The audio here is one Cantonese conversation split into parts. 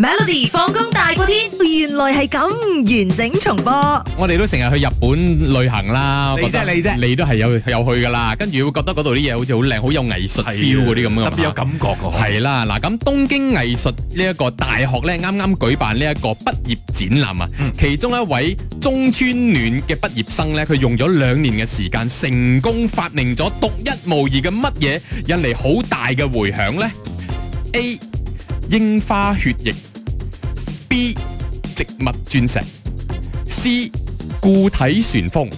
Melody 放工大過天，原來係咁，完整重播。我哋都成日去日本旅行啦，你啫的你啫的，你都係有有去噶啦。跟住會覺得嗰度啲嘢好似好靚，好有藝術 feel 嗰啲咁樣啊，的特別有感覺噶、啊、係啦。嗱咁東京藝術呢一個大學咧，啱啱舉辦呢一個畢業展覽啊。嗯、其中一位中村暖嘅畢業生咧，佢用咗兩年嘅時間，成功發明咗獨一無二嘅乜嘢，引嚟好大嘅回響咧。A 櫻花血液。密鑽石 C 固體旋風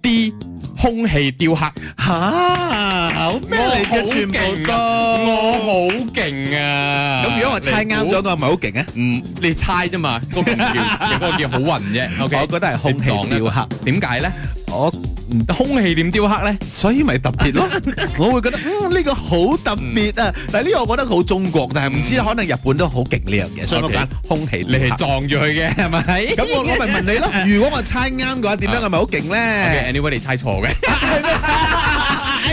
D 空氣雕刻好咩？你嘅全部都我好勁啊！咁如果我猜啱咗嘅，係咪好勁啊？唔，你猜啫嘛，我唔叫，我叫好暈啫。我覺得係空氣雕刻，點解咧？我空氣點雕刻咧，所以咪特別咯。我會覺得嗯呢個好特別啊，但係呢個我覺得好中國，但係唔知可能日本都好勁呢樣嘢。所以我講空氣，你係撞住佢嘅係咪？咁我我咪問你咯。如果我猜啱嘅話，點樣係咪好勁咧？OK，anybody 猜錯嘅，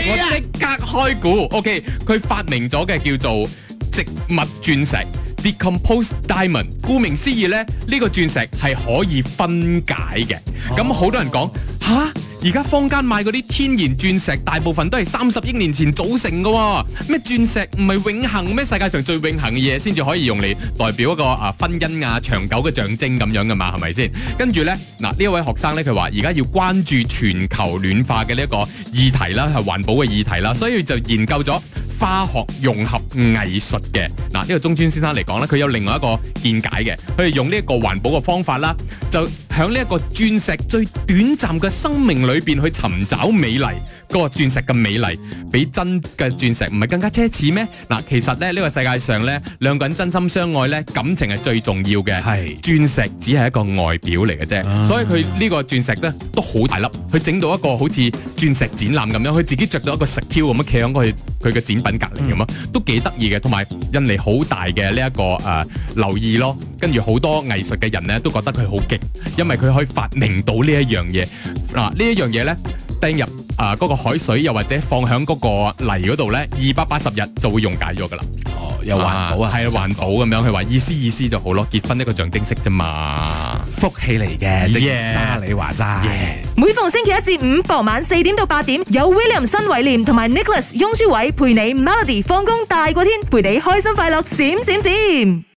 我即刻開估。OK，佢發明咗嘅叫做植物鑽石 （decomposed diamond）。顧名思義咧，呢個鑽石係可以分解嘅。咁好多人講。吓！而家、啊、坊間賣嗰啲天然鑽石，大部分都係三十億年前組成噶、啊，咩鑽石唔係永恒咩？世界上最永恒嘅嘢，先至可以用嚟代表一個啊，婚姻啊長久嘅象徵咁樣噶嘛，係咪先？跟住呢，嗱、啊、呢位學生呢，佢話而家要關注全球暖化嘅呢一個議題啦，係環保嘅議題啦，所以就研究咗。化學融合藝術嘅，嗱、呢、這個中村先生嚟講呢，佢有另外一個見解嘅，佢用呢一個環保嘅方法啦，就喺呢一個鑽石最短暫嘅生命裏邊去尋找美麗。嗰個鑽石咁美麗，比真嘅鑽石唔係更加奢侈咩？嗱，其實咧，呢、這個世界上咧，兩個人真心相愛咧，感情係最重要嘅。係是鑽石只係一個外表嚟嘅啫，啊、所以佢呢個鑽石咧都好大粒，佢整到一個好似鑽石展覽咁樣，佢自己着到一個石 e q 咁樣企喺佢佢嘅展品隔離咁啊，嗯、都幾得意嘅。同埋引嚟好大嘅呢一個誒、呃、留意咯，跟住好多藝術嘅人咧都覺得佢好勁，因為佢可以發明到，啊這個、呢一樣嘢，嗱呢一樣嘢咧，第二啊！嗰個海水又或者放喺嗰個泥嗰度咧，二百八十日就會溶解咗噶啦。哦，又環保啊，係環保咁樣。佢話意思意思就好咯，結婚一個象徵式啫嘛，福氣嚟嘅。耶 Yes,，你話齋。每逢星期一至五傍晚四點到八點，有 William 新偉廉同埋 Nicholas 翁舒偉陪你 Melody 放工大過天，陪你開心快樂閃閃閃。閃閃閃閃